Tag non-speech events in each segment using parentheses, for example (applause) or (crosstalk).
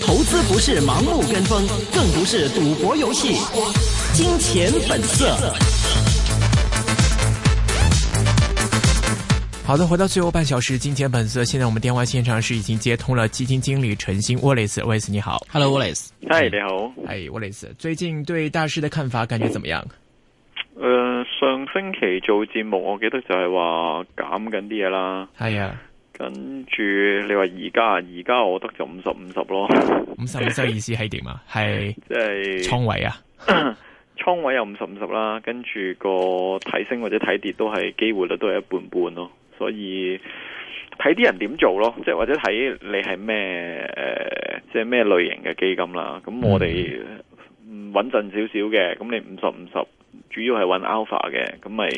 投資不是盲目跟風，更不是賭博遊戲。金錢本色。好的，回到最後半小時，金錢本色。現在我們電話現場是已經接通了基金經理陳昕。Wallace，Wallace 你好，Hello Wallace，嗨你好，嗨 Wallace，最近對大市的看法感覺怎麼樣？呃，上星期做節目，我記得就係話減緊啲嘢啦，係啊。跟住你話而家，而家我覺得就五十五十咯，五十五十意思係點、 (laughs) 就是、啊？係即係倉位啊，倉位有五十五十啦。跟住個睇升或者睇跌都係機會率都係一半半咯。所以睇啲人點做咯，即係或者睇你係咩誒，即係咩類型嘅基金啦。咁我哋穩陣少少嘅，咁你五十五十，主要係揾 alpha 嘅，咁咪。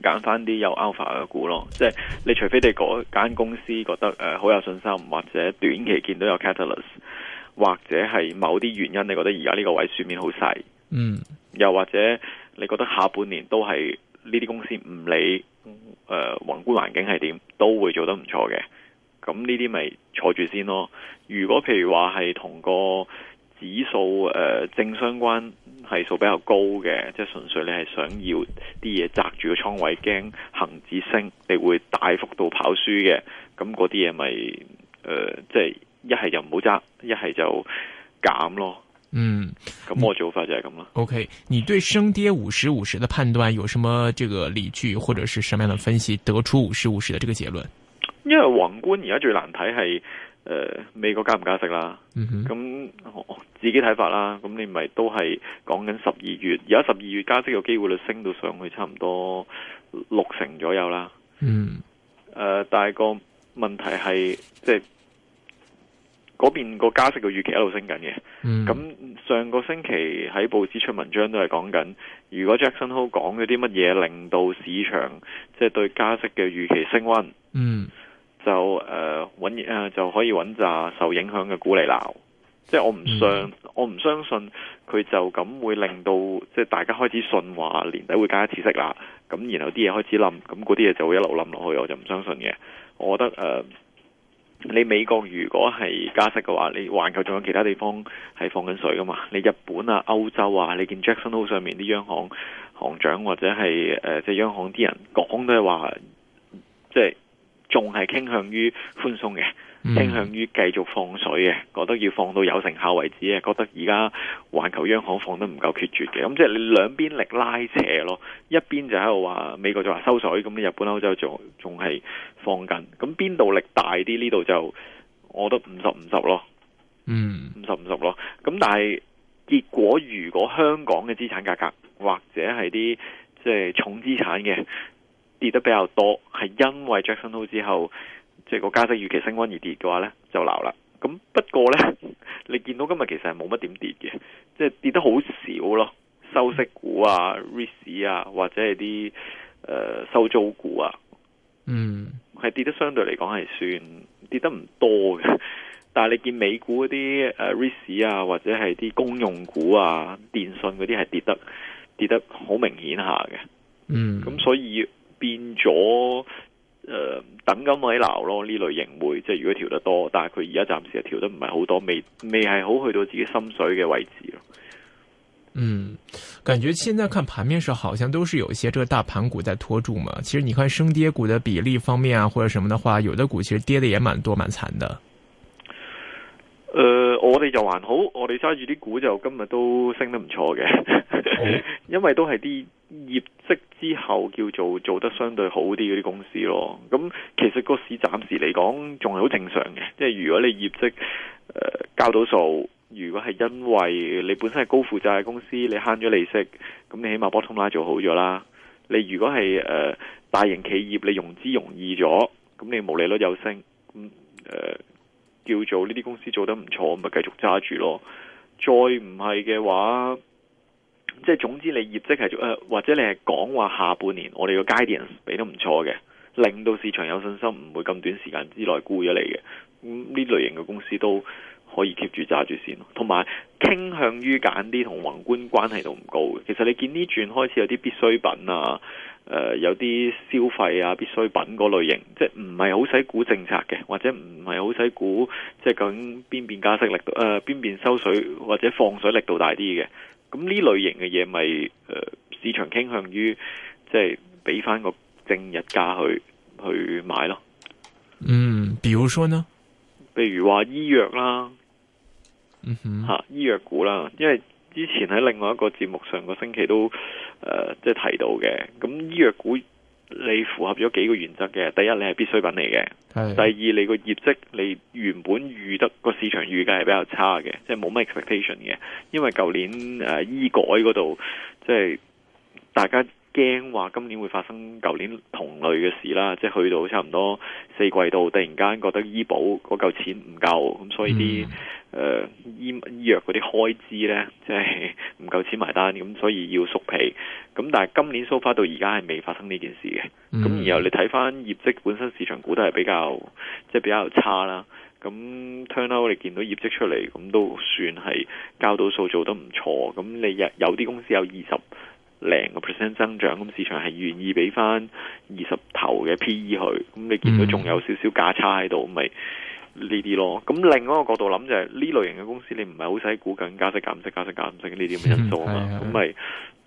揀翻啲有 alpha 嘅股咯，即係你除非你嗰間公司覺得誒、呃、好有信心，或者短期見到有 catalyst，或者係某啲原因你覺得而家呢個位書面好細，嗯，又或者你覺得下半年都係呢啲公司唔理誒、呃、宏觀環境係點都會做得唔錯嘅，咁呢啲咪坐住先咯。如果譬如話係同個。指數誒正相關係數比較高嘅，即係純粹你係想要啲嘢擲住個倉位，驚恒指升，你會大幅度跑輸嘅。咁嗰啲嘢咪誒，即係一係就唔好揸，一係就減咯。嗯，咁我做法就係咁啦。OK，你對升跌五十五十嘅判斷有什麼這個理據，或者係什麼樣嘅分析得出五十五十嘅這個結論？因為宏觀而家最難睇係。誒、呃、美國加唔加息啦？咁我、mm hmm. 自己睇法啦，咁你咪都係講緊十二月，而家十二月加息嘅機會率升到上去差唔多六成左右啦。嗯、mm hmm. 呃，但係個問題係即係嗰邊個加息嘅預期一路升緊嘅。咁、mm hmm. 上個星期喺報紙出文章都係講緊，如果 Jackson Hole 講咗啲乜嘢令到市場即係、就是、對加息嘅預期升溫。嗯、mm。Hmm. 就誒揾嘢就可以揾扎受影響嘅股嚟鬧，即係我唔相、嗯、我唔相信佢就咁會令到即係大家開始信話年底會加一次息啦，咁然後啲嘢開始冧，咁嗰啲嘢就會一路冧落去，我就唔相信嘅。我覺得誒、呃，你美國如果係加息嘅話，你環球仲有其他地方係放緊水噶嘛？你日本啊、歐洲啊，你見 Jackson Hole 上面啲央行行長或者係、呃、即係央行啲人講咧話，即係。仲係傾向於寬鬆嘅，傾向於繼續放水嘅，覺得要放到有成效為止啊！覺得而家環球央行放得唔夠決絕嘅，咁即係你兩邊力拉扯咯，一邊就喺度話美國就話收水，咁日本、歐洲仲仲係放緊，咁邊度力大啲？呢度就我覺得五十五十咯，嗯，五十五十咯。咁但係結果，如果香港嘅資產價格，或者係啲即係重資產嘅。跌得比較多，係因為 Jackson Hole 之後，即係個加息預期升溫而跌嘅話咧，就鬧啦。咁不過咧，你見到今日其實係冇乜點跌嘅，即係跌得好少咯。收息股啊，r i s 啊，或者係啲、呃、收租股啊，嗯，係跌得相對嚟講係算跌得唔多嘅。但係你見美股嗰啲誒 r i s 啊，或者係啲公用股啊、電信嗰啲係跌得跌得好明顯下嘅。嗯，咁所以。變咗，誒、呃，等金尾流咯，呢類型會，即係如果調得多，但係佢而家暫時又調得唔係好多，未未係好去到自己心水嘅位置咯。嗯，感覺現在看盤面上，好像都是有一些這個大盤股在拖住嘛。其實你看升跌股的比例方面啊，或者什麼的話，有的股其實跌得也蠻多，蠻慘的。誒、呃，我哋就還好，我哋揸住啲股就今日都升得唔錯嘅， (laughs) 因為都係啲業績之後叫做做得相對好啲嗰啲公司咯。咁、嗯、其實個市暫時嚟講仲係好正常嘅，即係如果你業績誒、呃、交到數，如果係因為你本身係高負債嘅公司，你慳咗利息，咁你起碼 bottom line 做好咗啦。你如果係誒、呃、大型企業，你融資容易咗，咁你毛利率有升，咁叫做呢啲公司做得唔錯，咪繼續揸住咯。再唔係嘅話，即係總之你業績係做誒、呃，或者你係講話下半年我哋個 guidance 俾得唔錯嘅，令到市場有信心唔會咁短時間之內沽咗你嘅。咁、嗯、呢類型嘅公司都可以 keep 住揸住先，同埋傾向於揀啲同宏觀關係都唔高嘅。其實你見呢轉開始有啲必需品啊。誒、呃，有啲消費啊，必需品嗰類型，即係唔係好使估政策嘅，或者唔係好使估，即係究竟邊邊加息力度誒，邊、呃、邊收水或者放水力度大啲嘅，咁呢類型嘅嘢咪誒，市場傾向於即係俾翻個正日價去去買咯。嗯，比如說呢，譬如話醫藥啦，醫、嗯、哼吓、啊，醫藥股啦，因為。之前喺另外一個節目上，上個星期都、呃、即係提到嘅，咁醫藥股你符合咗幾個原則嘅？第一你係必需品嚟嘅，是的 第二你個業績你原本預得個市場預計係比較差嘅，即係冇乜 expectation 嘅，因為舊年、呃、醫改嗰度即係大家。驚話今年會發生舊年同類嘅事啦，即係去到差唔多四季度，突然間覺得醫保嗰嚿錢唔夠，咁所以啲誒、mm. 呃、醫藥嗰啲開支呢，即係唔夠錢埋單，咁所以要縮皮。咁但係今年 so far 到而家係未發生呢件事嘅，咁然後你睇翻業績本身，市場估得係比較即係、就是、比較差啦。咁 turn out 你見到業績出嚟，咁都算係交到數，做得唔錯。咁你有啲公司有二十。零個 percent 增長，咁市場係願意俾翻二十頭嘅 PE 去，咁你見到仲有少少價差喺度，咁咪呢啲咯。咁另外一個角度諗就係、是、呢類型嘅公司你，你唔係好使估緊加息、減息、加息、減息呢啲咁嘅因素啊嘛，咁咪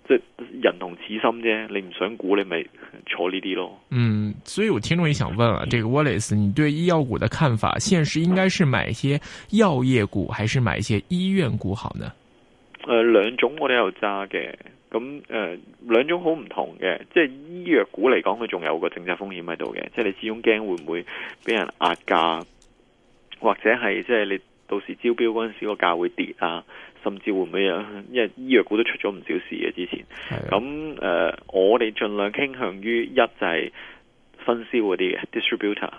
即係人同此心啫。你唔想估，你咪坐呢啲咯。嗯，所以有聽眾也想問啊，這個 Wallace，你對醫藥股的看法，現實應該是買一些藥業股，還是買一些醫院股好呢？誒、呃，兩種我都有揸嘅。咁誒、呃、兩種好唔同嘅，即係醫藥股嚟講，佢仲有個政策風險喺度嘅，即係你始終驚會唔會俾人壓價，或者係即係你到時招標嗰陣時個價會跌啊，甚至會唔會啊？因為醫藥股都出咗唔少事嘅之前。咁誒的、呃，我哋盡量傾向於一就係分銷嗰啲嘅，distributor，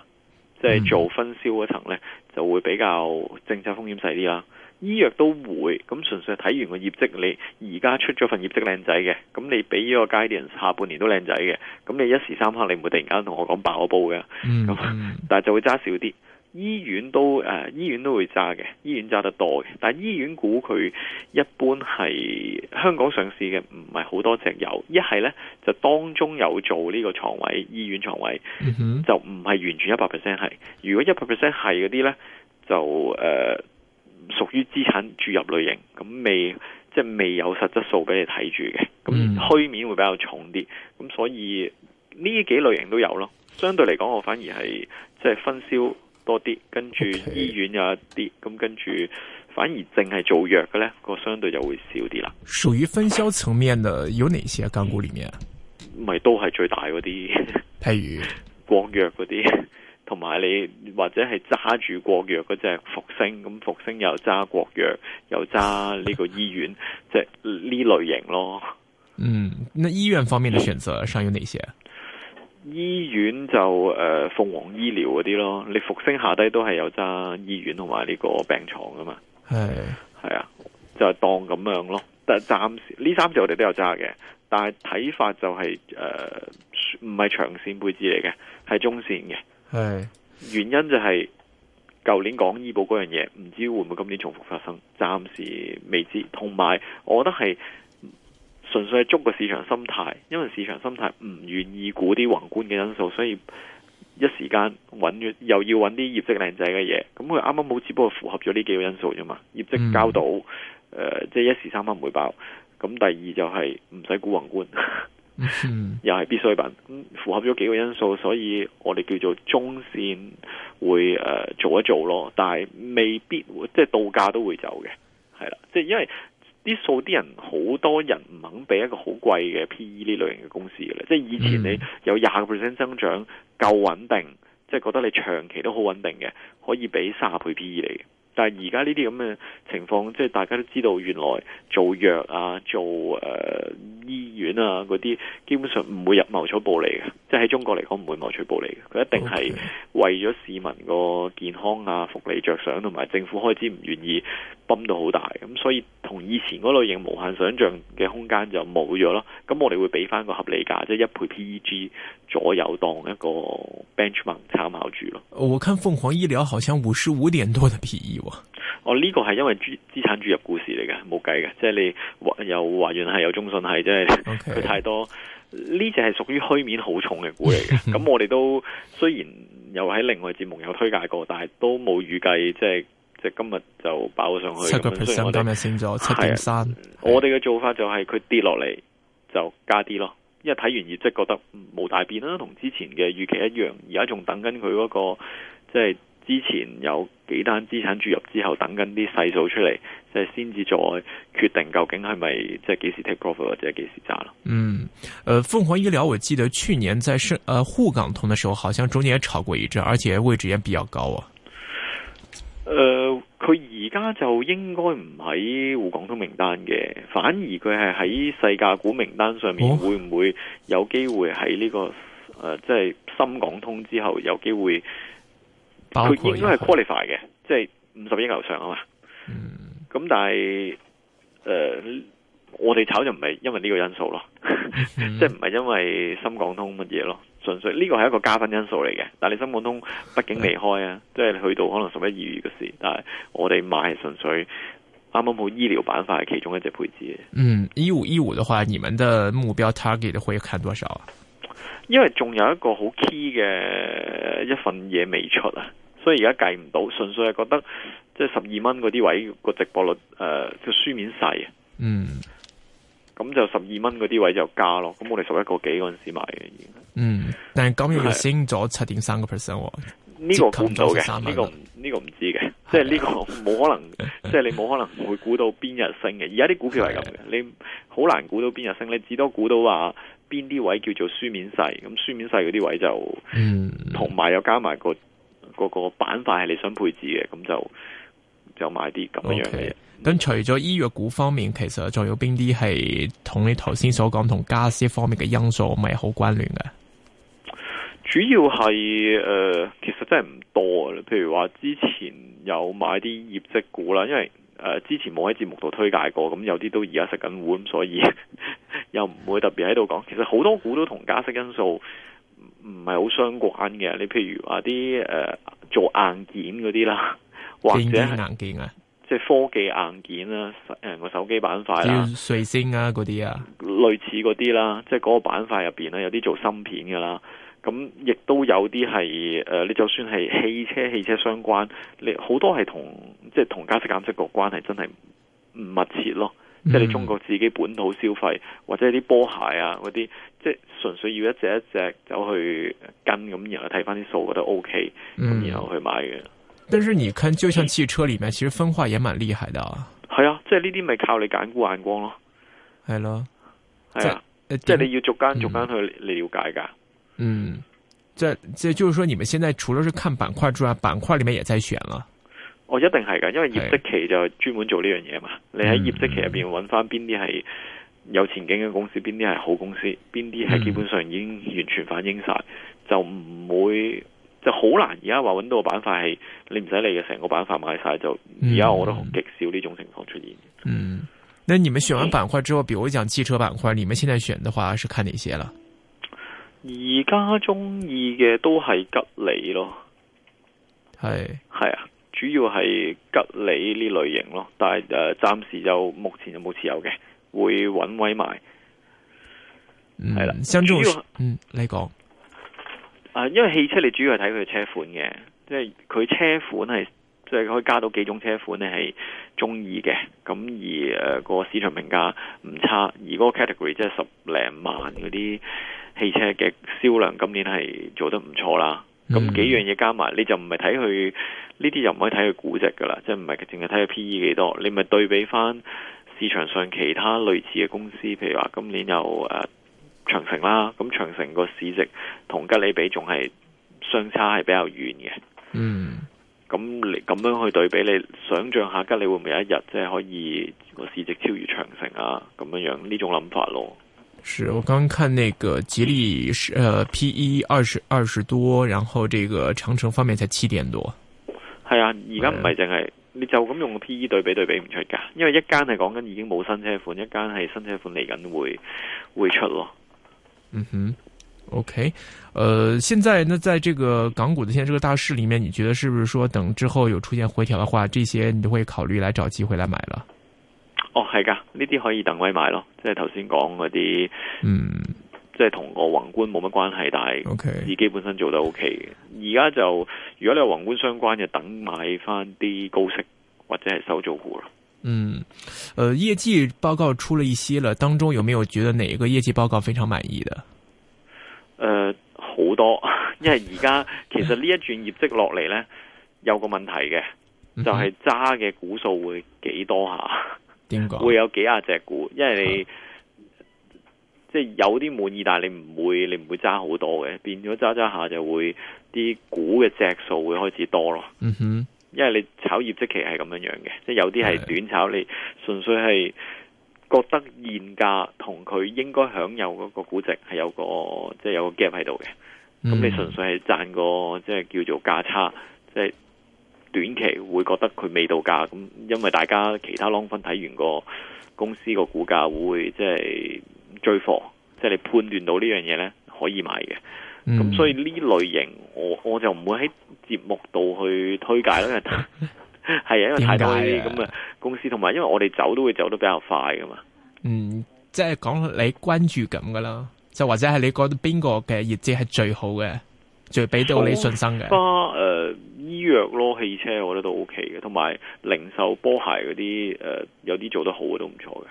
即係做分銷嗰層咧。嗯就會比較政策風險細啲啦，醫藥都會咁純粹睇完個業績，你而家出咗份業績靚仔嘅，咁你俾呢個階段下半年都靚仔嘅，咁你一時三刻你唔會突然間同我講爆我煲嘅，咁、嗯、但就會揸少啲。醫院都誒、呃，醫院都會揸嘅，醫院揸得多嘅。但係醫院股佢一般係香港上市嘅，唔係好多只有。一係呢就當中有做呢個床位，醫院床位、mm hmm. 就唔係完全一百 percent 係。如果一百 percent 係嗰啲呢就誒、呃、屬於資產注入類型，咁未即係、就是、未有實質數俾你睇住嘅，咁虛面會比較重啲。咁所以呢幾類型都有咯。相對嚟講，我反而係即係分銷。多啲，跟住醫院有一啲，咁 Okay. 跟住反而淨係做藥嘅呢個相對就會少啲啦。屬於分銷層面嘅有哪些？港股裏面咪都係最大嗰啲，譬如國藥嗰啲，同埋你或者係揸住國藥嗰隻復星，咁復星又揸國藥，又揸呢個醫院， (laughs) 即係呢類型咯。嗯，那醫院方面嘅選擇上有哪些？醫院就誒鳳凰醫療嗰啲咯，你復星下低都係有揸醫院同埋呢個病床噶嘛，係係是 啊，就係，當咁樣咯。但暫時呢三隻我哋都有揸嘅，但係睇法就係誒唔係長線配置嚟嘅，係中線嘅。係是 原因就係，是，舊年講醫保嗰樣嘢，唔知會唔會今年重複發生，暫時未知。同埋我覺得係。純粹係捉個市場心態，因為市場心態唔願意估啲宏觀嘅因素，所以一時間揾，又要揾啲業績靚仔嘅嘢。咁佢啱啱好，只不過符合咗呢幾個因素啫嘛。業績交到，即係、嗯呃、就是、一時三刻唔會爆。咁第二就係唔使估宏觀，嗯、 (laughs) 又係必需品。咁、嗯、符合咗幾個因素，所以我哋叫做中線會誒、呃、做一做咯。但係未必會，即係度假都會走嘅，係啦，即係因為。啲數啲人，好多人唔肯俾一個好貴嘅 P E 呢類型嘅公司嘅喇。即係以前你有廿個 percent 增長，夠穩定，即係覺得你長期都好穩定嘅，可以俾三十倍 P E 嚟。但係而家呢啲咁嘅情況，即係大家都知道原來做藥啊、做誒、呃、醫院啊嗰啲，基本上唔會入茅草報嚟嘅。即係喺中國嚟講唔會牟取暴利嘅，佢一定係為咗市民個健康啊、福利着想，同埋政府開支唔願意泵到好大咁，所以同以前嗰類型無限想象嘅空間就冇咗咯。咁我哋會俾翻個合理價，即係一倍 PEG 左右當一個 benchmark 參考住咯。我看鳳凰醫療好像五十五點多的 PE 喎。哦，呢個係因為資資產注入故事嚟嘅，冇計嘅。即係你有華潤系有中信系，即係佢太多。Okay. 呢隻係屬於虛面好重嘅股嚟嘅，咁 (laughs) 我哋都雖然有喺另外節目有推介過，但係都冇預計，即係即係今日就爆上去。七個 percent 今日升咗七點三。我哋嘅做法就係佢跌落嚟就加啲咯，因為睇完業績覺得冇大變啦，同之前嘅預期一樣。而家仲等緊佢嗰個即係。之前有幾單資產注入之後，等緊啲細數出嚟，即係先至再決定究竟係咪即係幾時 take profit 或者幾時揸。嗯，誒、呃，鳳凰醫療，我記得去年在深誒滬港通嘅時候，好像中間炒過一陣，而且位置也比較高啊。誒、呃，佢而家就應該唔喺滬港通名單嘅，反而佢係喺細價股名單上面。會唔會有機會喺呢、這個誒、哦呃，即係深港通之後有機會？佢應該係 qualify 嘅，即係五十億樓上啊嘛。咁、嗯、但係，誒、呃，我哋炒就唔係因為呢個因素咯，即係唔係因為深港通乜嘢咯，純粹呢、這個係一個加分因素嚟嘅。但是但係你深港通畢竟未開啊，即係、嗯、去到可能十一二月嘅時，但係我哋買係純粹啱啱好醫療板塊係其中一隻配置嘅。嗯，醫護醫護嘅話，你們嘅目標 target 會看多少啊？因為仲有一個好 key 嘅一份嘢未出啊。所以而家計唔到，純粹係覺得即係十二蚊嗰啲位個值博率，誒、呃、個輸面細啊。嗯。咁就十二蚊嗰啲位就加咯。咁我哋十一個幾嗰陣時買嘅。嗯。但係今日升咗七點三個 percent 喎。呢、呢個估唔到嘅。呢、呢個呢的個唔知嘅。即係呢個冇可能，即係 (laughs) 你冇可能會到估的到邊日升嘅。而家啲股票係咁嘅，你好難估到邊日升。你至多估到話邊啲位叫做輸面細。咁輸面細嗰啲位就，同埋、嗯、又加埋個。個個板塊係你想配置嘅，咁就就買啲咁樣嘅嘢。咁、okay。除咗醫藥股方面，其實仲有邊啲係同你頭先所講同加息方面嘅因素，咪好關聯嘅？主要係誒、呃，其實真係唔多。譬如話之前有買啲業績股啦，因為誒、呃、之前冇喺節目度推介過，咁有啲都而家食緊碗，所以 (laughs) 又唔會特別喺度講。其實好多股都同加息因素。唔係好相關嘅，你譬如話啲誒，做硬件嗰啲啦，或者係硬件啊，即係科技硬件啦，誒，個手機板塊啦，瑞星啊嗰啲啊，類似嗰啲啦，即係嗰個板塊入邊啦，有啲做芯片噶啦，咁亦都有啲係誒，你就算係汽車汽車相關，你好多係同即係同加息減息個關係真係唔密切咯。嗯、即係你中國自己本土消費或者啲波鞋啊嗰啲，即係純粹要一隻一隻走去跟咁，然後睇翻啲數覺得 OK，咁然後去買嘅。但是你看，就像汽車裏面，欸、其實分化也蠻厲害的。係啊，即係呢啲咪靠你揀股眼光咯，係咯，係啊，這即係你要逐間逐間去、嗯、了解噶。嗯，即即這就是說，你們現在除了是看板塊之外，板塊裏面也在選啦。我一定係噶，因為業績期就專門做呢樣嘢嘛。是你喺業績期入邊揾翻邊啲係有前景嘅公司，邊啲係好公司，邊啲係基本上已經完全反映晒、嗯，就唔會就好難現在說找。而家話揾到個板塊係你唔使理嘅，成個板塊買晒，就而家我覺得好極少呢種情況出現嗯。嗯，那你們選完板塊之後，比如講汽車板塊，你們現在選的話是看哪些了？而家中意嘅都係吉利咯，係係是啊。主要係吉利呢類型咯，但係誒、呃、暫時就目前就冇持有嘅，會穩位賣。係啦、嗯，的主要嗯你講。啊、呃，因為汽車你主要係睇佢嘅車款嘅，即係佢車款係即係可以加到幾種車款你係中意嘅，咁而誒個、呃、市場評價唔差，而嗰個 category 即係十零萬嗰啲汽車嘅銷量今年係做得唔錯啦。咁、嗯、幾樣嘢加埋，你就唔係睇佢呢啲，就唔可以睇佢估值噶啦，即係唔係淨係睇佢 PE 幾多，你咪對比翻市場上其他類似嘅公司，譬如話今年有誒、呃、長城啦，咁長城個市值同吉利比，仲係相差係比較遠嘅。嗯，咁你咁樣去對比，你想象下吉利會唔會有一日即係可以個市值超越長城啊？咁樣樣呢種諗法咯。是我剛看那個吉利是，呃 P E 二十二十多，然後這個長城方面才七點多。係啊，而家唔係淨係，嗯、你就咁用個 P E 對比對比唔出噶，因為一間係講緊已經冇新車款，一間係新車款嚟緊會會出咯。嗯哼，OK，呃，現在呢，在這個港股的現在這個大市裏面，你覺得是不是說等之後有出現回調的話，這些你都會考慮來找機會來買了？哦，係噶，呢啲可以等位買咯，即係頭先講嗰啲，嗯，即係同個宏觀冇乜關係，但係自己本身做得 OK。而家 Okay. 就如果你有宏觀相關嘅，就等買翻啲高息或者係收租股咯。嗯，誒、呃，業績報告出咗一些啦，當中有沒有覺得哪一個業績報告非常滿意的？的誒、呃，好多，因為而家其實這一呢一轉業績落嚟呢有個問題嘅，就係揸嘅股數會幾多下？會有幾廿隻股，因為你，啊，即係有啲滿意，但係你唔會，你唔會揸好多嘅，變咗揸揸下就會啲股嘅隻數會開始多咯。嗯哼，因為你炒業績期係咁樣樣嘅，即係有啲係短炒，是的你純粹係覺得現價同佢應該享有嗰個估值係有個即係，就是，有個 gap 喺度嘅，咁，嗯，你純粹係賺個即係叫做價差，即係。短期會覺得佢未到價，咁，因為大家其他 long 分睇完個公司個股價會即係追貨，即係你判斷到呢樣嘢呢可以買嘅。咁、嗯、所以呢類型我我就唔會喺節目度去推介咯。係啊， (laughs) 因為太貴太大咁嘅公司同埋因為我哋走都會走得比較快噶嘛。嗯，即係講你關注咁噶啦，就或者係你覺得邊個嘅業績係最好嘅？就俾到你信心嘅。花，誒、呃，醫藥咯，汽車，我覺得都 O K 嘅。同埋零售波鞋嗰啲，誒、呃，有啲做得好嘅都唔錯嘅。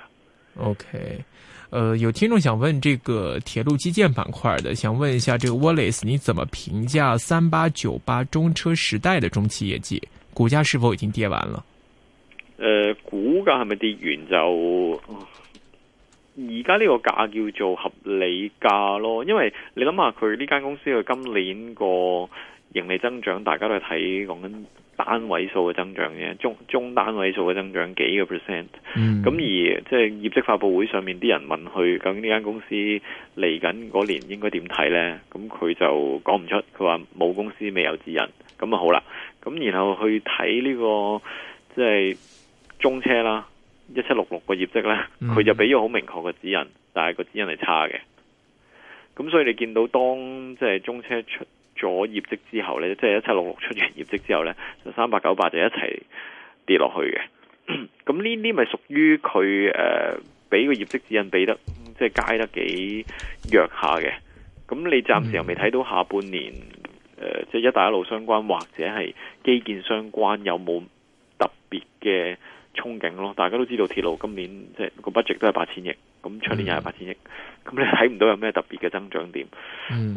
O K，誒，有聽眾想問這個鐵路基建板塊嘅，想問一下，這個 Wallace，你怎麼評價三八九八中車時代的中期業績？股價是否已經跌完了？誒、呃，股價係咪跌完就？呃而家呢個價叫做合理價咯，因為你諗下佢呢間公司佢今年個盈利增長，大家都係睇講緊單位數嘅增長啫，中中單位數嘅增長幾個 percent。咁、嗯、而即係業績發布會上面啲人問佢，究竟呢間公司嚟緊嗰年應該點睇呢？咁佢就講唔出，佢話冇公司未有指引。咁啊好啦，咁然後去睇呢、這個即係、就是、中車啦。一七六六個業績呢，佢就俾咗好明確嘅指引，但係個指引係差嘅。咁所以你見到當即係中車出咗業績之後呢，即係一七六六出完業績之後呢，就是呢就是、三八九八就一齊跌落去嘅。咁呢啲咪屬於佢誒俾個業績指引俾得即係街得幾弱下嘅？咁你暫時又未睇到下半年即係、呃就是、一帶一路相關或者係基建相關有冇特別嘅？憧憬咯，大家都知道鐵路今年即係個 budget 都係八千億，咁出年又係八千億，咁、嗯、你睇唔到有咩特別嘅增長點，誒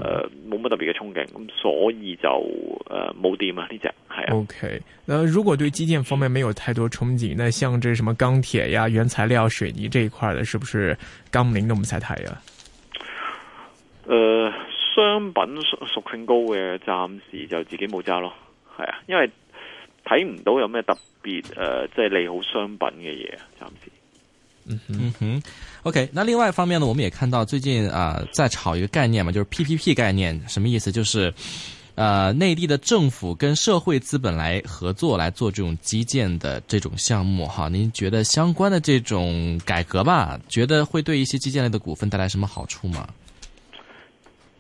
冇乜特別嘅憧憬，咁所以就誒冇掂啊呢隻係啊。啊 OK，那如果對基建方面沒有太多憧憬，嗯、那像這什麼鋼鐵呀、原材料水、水泥這一塊的，是不是鋼木都唔再睇啊？誒、呃，商品屬屬性高嘅，暫時就自己冇揸咯，係啊，因為。睇唔到有咩特別誒、呃，即係利好商品嘅嘢啊！暫時，嗯嗯哼、嗯，OK。那另外一方面呢，我們也看到最近啊，在、呃、炒一個概念嘛，就是 PPP 概念，什麼意思？就是，誒，內地的政府跟社會資本來合作來做這種基建的這種項目。哈，您覺得相關的這種改革吧，覺得會對一些基建類的股份帶來什麼好處嗎？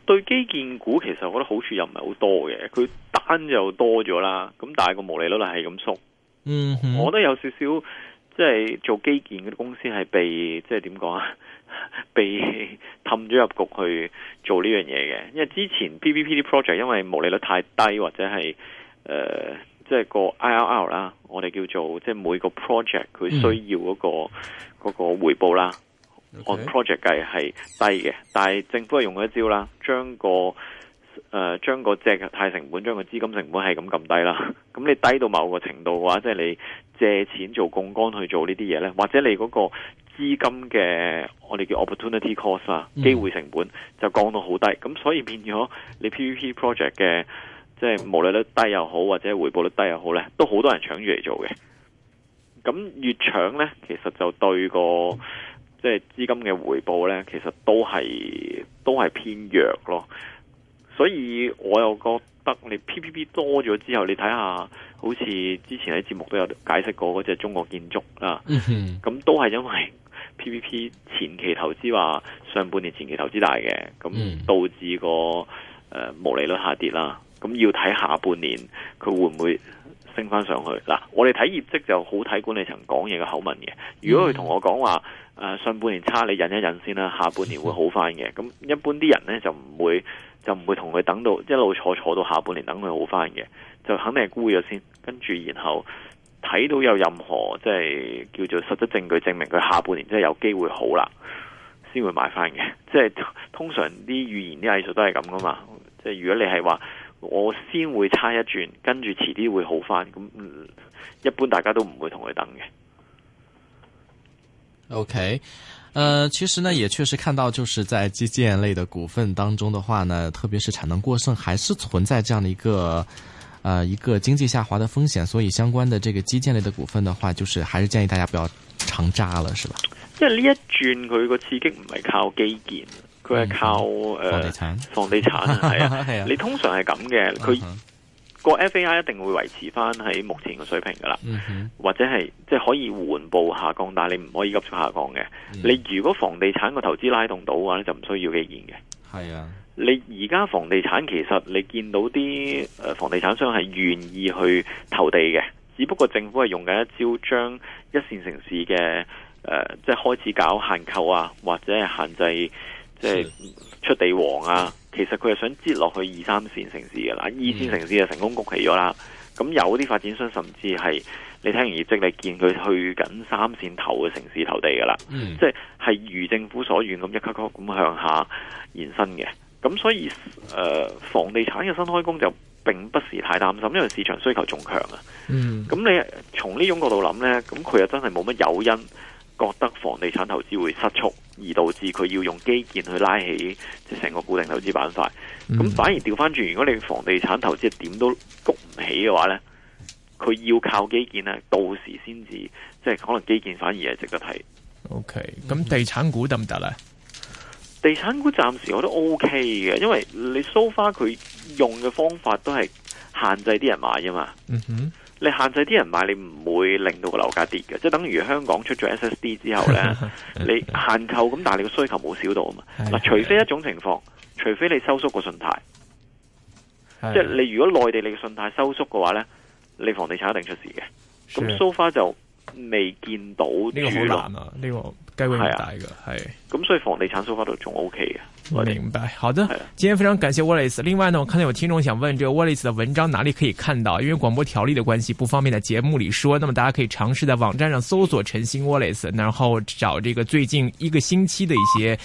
對基建股其實我覺得好處又唔係好多嘅，佢單又多咗啦，咁但係個毛利率係咁縮，嗯哼，我覺得有少少即係、就是、做基建嗰啲公司係被即係點講啊，被氹咗入局去做呢樣嘢嘅，因為之前 PPP 啲 project 因為毛利率太低或者係誒即係個 IRR 啦，我哋叫做即係、就是、每個 project 佢需要嗰個、嗯、那個回報啦。按 Okay. project 計係低嘅，但係政府係用咗一招啦，將個誒將、呃、個借貸成本，將個資金成本係咁咁低啦。咁你低到某個程度嘅話，即係你借錢做槓桿去做呢啲嘢呢，或者你嗰個資金嘅我哋叫 opportunity cost 啊，機會成本就降到好低。咁、mm hmm. 所以變咗你 PVP project 嘅，即係毛利率低又好，或者回報率低又好呢，都好多人搶住嚟做嘅。咁越搶呢，其實就對個。Mm hmm. 即係資金嘅回報呢，其實都係都係偏弱咯。所以我又覺得你 P P P 多咗之後，你睇下，好似之前喺節目都有解釋過嗰隻中國建築啊，咁都係因為 P P P 前期投資話上半年前期投資大嘅，咁導致個誒呃、毛利率下跌啦。咁要睇下半年佢會唔會？升翻上去嗱，我哋睇業績就好睇管理層講嘢嘅口吻嘅。如果佢同我講話、呃，上半年差，你忍一忍先啦，下半年會好翻嘅。咁一般啲人呢，就唔會，就唔會同佢等到一路坐坐到下半年等佢好翻嘅，就肯定係沽咗先。跟住然後睇到有任何即係叫做實質證據證明佢下半年即係有機會好啦，先會買翻嘅。即係通常啲語言啲藝術都係咁㗎嘛。即係如果你係話。我先會差一轉，跟住遲啲會好翻。咁、嗯、一般大家都唔會同佢等嘅。OK，呃，其實呢，也確實看到，就是在基建類的股份當中的話呢，特別是產能過剩，還是存在這樣的一個，呃，一個經濟下滑的風險。所以相關的這個基建類的股份的話，就是還是建議大家不要長揸了，是吧？因為呢一轉佢個刺激唔係靠基建。佢係靠、嗯、房地產，房地產 (laughs) 係啊，係啊，你通常係咁嘅，佢個 FAI 一定會維持翻喺目前嘅水平噶啦，嗯、哼或者係即係可以緩步下降，但你唔可以急速下降嘅。嗯、你如果房地產個投資拉動到嘅話咧，就唔需要嘅現嘅。係啊，你而家房地產其實你見到啲房地產商係願意去投地嘅，只不過政府係用緊一招將一線城市嘅誒、呃、即係開始搞限購啊，或者係限制。即係出地王啊！其實佢係想接落去二三線城市嘅啦，二線城市就成功谷起咗啦。咁有啲發展商甚至係你睇完業績，你見佢去緊三線頭嘅城市投地嘅啦。嗯、即係係如政府所願咁一級級咁向下延伸嘅。咁所以誒、呃，房地產嘅新開工就並不是太擔心，因為市場需求仲強啊。咁、嗯、你從呢種角度諗呢，咁佢又真係冇乜誘因。覺得房地產投資會失速，而導致佢要用基建去拉起即成個固定投資板塊。咁、嗯、反而調翻轉，如果你房地產投資點都焗唔起嘅話呢佢要靠基建呢，到時先至即係可能基建反而係值得睇。O K，咁地產股得唔得呀？嗯、地產股暫時我都 O K 嘅，因為你 so far 佢用嘅方法都係限制啲人買吖嘛。嗯哼。你限制啲人買，你唔會令到個樓價跌嘅，即係等於香港出咗 SSD 之後呢， (laughs) 你限購咁，但係你個需求冇少到啊嘛。嗱， (laughs) 除非一種情況，除非你收縮個信貸， (laughs) 即係你如果內地你嘅信貸收縮嘅話呢，你房地產一定出事嘅。咁 s, (laughs) so far 就未見到呢個好難啊，呢、呢個。很係啊，係是，咁所以房地產收法度仲 O K 嘅。我、嗯嗯、明白，好的，啊、今天非常感謝 Wallace。另外呢，我見到有聽眾想問，這個 Wallace 的文章哪裡可以看到？因為廣播條例的關係，不方便在節目裏說。那麼大家可以嘗試在網站上搜索陳昕 Wallace，然後找這個最近一個星期的一些。